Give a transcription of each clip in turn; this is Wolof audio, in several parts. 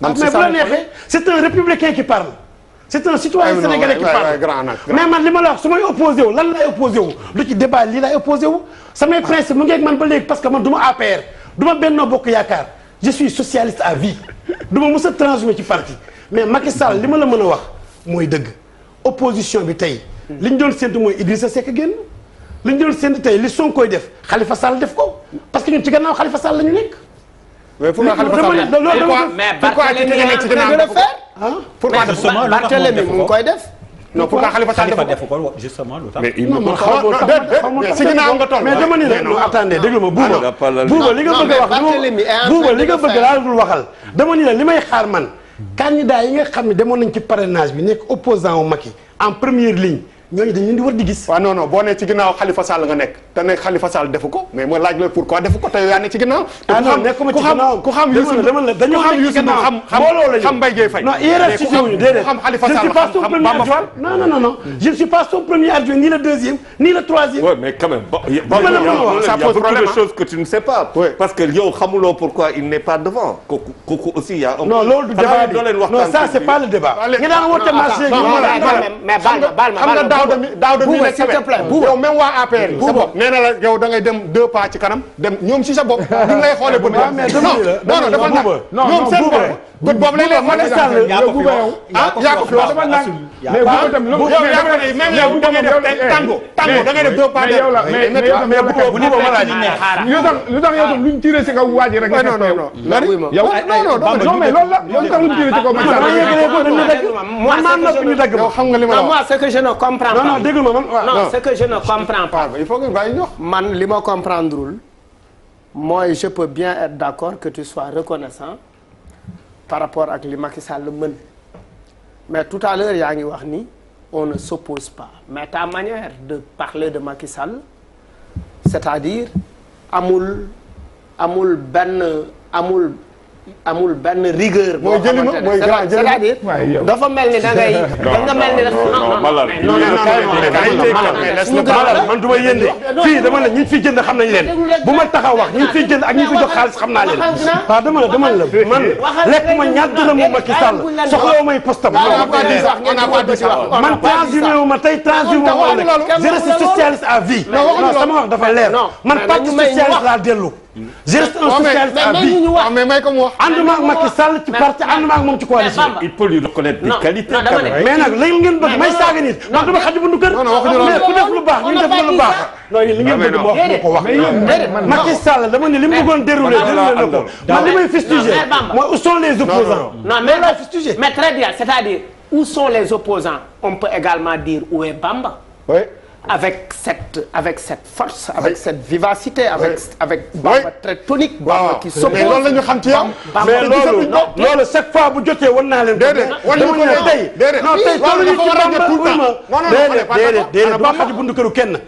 man mais bu la neexee c'est un républicain qui parle. c'est un citoyen sénégalais qui parle mais man li ma la wax su may opposé wu lan lay opposé wu du ci débat lii lay opposé samay principe mu ngeeg man ba léegi parce que man du ma APR du Bokk Yaakaar je suis socialiste à vie du ma mës a transhumé ci parti mais Macky li ma la mën a wax mooy dëgg opposition bi tey li ñu doon séntu mooy Idrissa Seck génn li ñu doon séntu tey li koy def Khalifa Sall def ko parce que ñun ci gannaaw Khalifa Sall la ñu nekk mais pourquoi Khalifa Sall mais pourquoi ma nga ni la non attendez déglu ma buuba. buuba li nga bëgg a wax buuba waxal. dama ni la li xaar man. candidat yi nga xam ne demoon nañ ci parrainage bi nekk opposant wu Macky en première ligne ñooñu dañu leen di war di gis waaw non non boo ne ci ginnaaw Khalifa Sall nga nekk te ne Khalifa Sall defu ko mais ma laaj la pourquoi defu ko te yaa ne ci ginnaaw ah, te ku xam ku xam Youssou ku xam Youssou xam xam Mbaye Gueye Faye non hiérarchie ñu déedéet xam Khalifa Sall xam Bamba Fall non non non non hmm. je ne suis pas son premier adjoint ni le deuxième ni le troisième oui mais quand même ça pose problème de choses que tu ne sais pas parce que yow xamuloo pourquoi il n'est pas devant kooku kooku aussi y a non loolu du débat non ça c'est pas le débat nga daan woote marché mais baal ma baal ma daaw de daaw de mii s'il te plaît yow même waa APR yi sa bopp nee na la yow da ngay dem ci kanam dem ñoom si sa bopp lay xoolee bët non non dafa nag ñoom seen code boobu lay def Macky Sall yaa bu itam lu da tango tango da ngay def deux pas mais yow la mais mais bu ñu ko ma si kaw waaj rek non non non yow non non non mais si kaw ma man maa noppi ñu dagg yow xam nga li ma la wax moi ce que je ne comprends pas non non man li ma comprendrewul mooy je peux bien être d'accord que tu sois reconnaissant par rapport ak li Macky Sall mën mais tout à l'heure yaa ngi wax ni on ne s'oppose pas mais ta manière de parler de Macky Sall cest dire amul amul benn amul amul benn rigueur. boo xamante ne c'est-à-dire dafa mel ni da ngay. da nga mel ni dafa non non malal non non malal man du ma yënde fii dama ne ñi fi jënd xam nañ leen bu ma taxaw wax ñi fi jënd ak ñi fi jox xaalis xam naa leen waaw dama la dama la man lekk ma ñaar dërëmu Macky Sall soxlawu may postam. man transhumé wu ma tey transhumé wu ma je reste socialiste à vie. non sama wax dafa leer man parti socialiste laa dellu. geste un socialiste à vie mais ñu wax mais may ko mu wax. ànduma ak Macky Sall ci parti ci coalition. il peut lui reconnaître des may saaga nit. non non mais ku def lu baax ñu dama ne li mu bëggoon déroulé déroulé na ko man li may mooy où sont les opposants. non mais la fustigé dire où sont les on peut également dire où Bamba. avec cette avec cette force. avec cette vivacité. avec oui. avec tonique. Bamba qui loolu la xam ci mais loolu chaque fois bu jotee wan naa leen. déedéet xaju buntu këru kenn.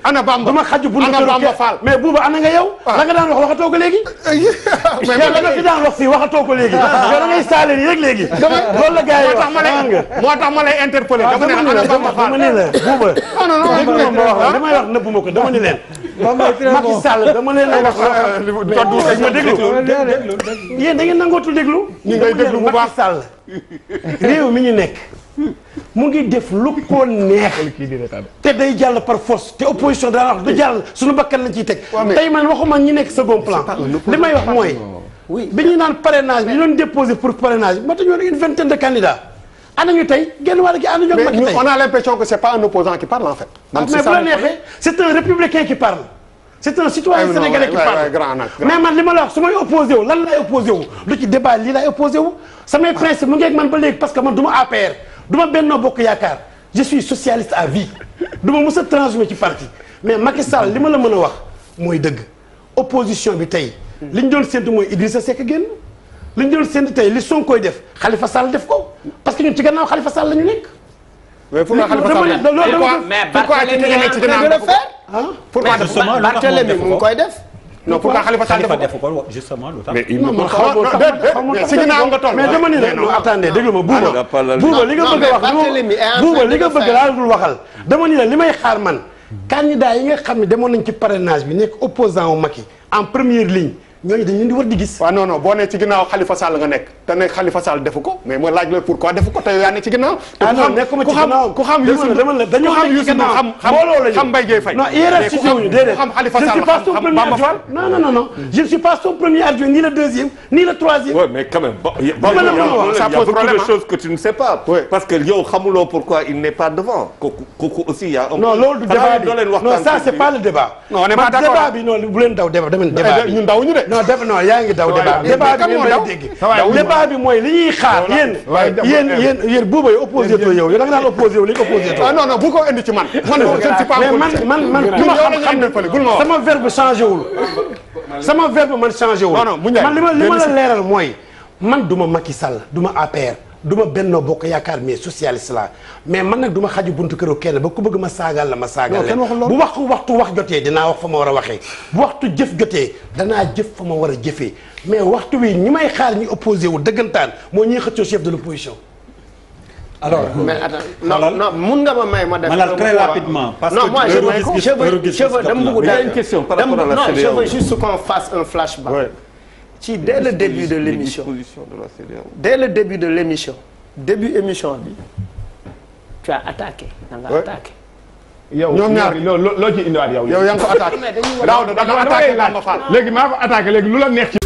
xaju buntu këru mais Bouba ana nga yow. Ah. daan wax waxatoo ko léegi. Ah, fi daan wax fii waxatoo ko ah. loolu la moo tax ma lay interpellé. dama ne ana Bamba ma wax la ah. damay wax nëbbu ma ko dama ne leen. Macky Sall dama leen a wax wax ma déglu yéen da ngeen nangootul déglu ngay déglu bu baax Macky Sall réew mi ñu nekk mu ngi def lu ko neex te day jàll par force te opposition daan wax du jàll suñu bakkan lañ ci teg tey man waxuma ñi nekk second plan li may wax mooy bi ñu naan parrainage bi ñu doon déposé pour parrainage mata ñoo da ngeen vingtaine de candidats ana ñu tey genn wàll gi ànd ñoo mag ñu tey on a l'impression que c'est pas un opposant qui parle en fait. Ah, donc mais bu la neexee c'est un républicain qui parle. c'est un citoyen ah, sénégalais qui parle mais man li la wax su may opposé lan lay opposé du ci débat lii lay opposé samay principe mu ngeeg man ba léeg parce que man du ma APR du Bokk Yaakaar je suis socialiste à vie du ma mës a ci parti mais Macky Sall li ma la mën a wax mooy dëgg opposition bi tey li ñu doon séntu mooy Idrissa li ñu doon séntu tey li Sonko koy def Khalifa Sall def ko parce que ñun ci gannaaw Khalifa Sall la ñu nekk. mais pourquoi Khalifa Sall mais pourquoi ci Barthélémy mu ngi koy ma nga dama ni la non attendez déglu ma buuba. Ah, buuba li nga bëgg a wax buuba li nga bëgg laa waxal. dama ni la li xaar man. candidat yi nga xam ne demoon nañ ci parrainage bi nekk opposant wu Macky en première ligne ñooñu dañu leen di war di gis waaw non non boo ne ci ginnaaw Khalifa Sall nga nekk te ne Khalifa Sall defu ko mais ma laaj la pourquoi defu ko te yaa ne ci ginnaaw ah, te ku xam ku xam Youssou dañu xam Youssou xam xam Mbaye Gueye Faye non hiérarchie ñu déedéet xam Khalifa Sall je suis pas son premier adjoint non non non non hmm. je ne suis pas son premier adjoint ni le deuxième ni le troisième oui mais quand même ça pose problème de choses que tu ne sais pas parce que yow xamuloo pourquoi il n'est pas devant kooku kooku aussi y a non loolu du débat non ça c'est pas le débat non on est pas d'accord débat bi non bu leen daw débat dama ne eh, débat ñun dawuñu de non def non yaa ngi daw débat débat bi mooy dégg débat bi mooy li ñuy xaar yéen yéen yéen yéen buuba yi opposé to yow yow da nga naan opposé yow li ko opposé to ah, non non bu ko indi ci man man man man man li ma xam xam sama verbe changé wul sama verbe man changé wul man li ma li ma la leeral mooy man duma Macky Sall duma APR du ma bennoo bokk yaakaar mais social la mais man nag du ma xaju buntu këru kenn ba ku bëgg ma saagal la ma saagal la bu waxtu waxtu wax jotee dinaa wax fa ma war a waxee bu waxtu jëf jotee danaa jëf fa ma war a jëfee mais waxtu wi ñu may xaar ñu opposé wu dëggantaan moo ñuy xëccoo chef de l'opposition alors mais mun nga ma may ma def. malal rapidement parce non, que moi, dama bëgg une question fasse un flashback. Ouais. ci dès le début de l'émission dès le début de l'émission début émission bi tu as attaqué da nga attaqué yow ñoom ñaar loo loo ci attaqué. léegi maa ko attaqué léegi lu la neex ci.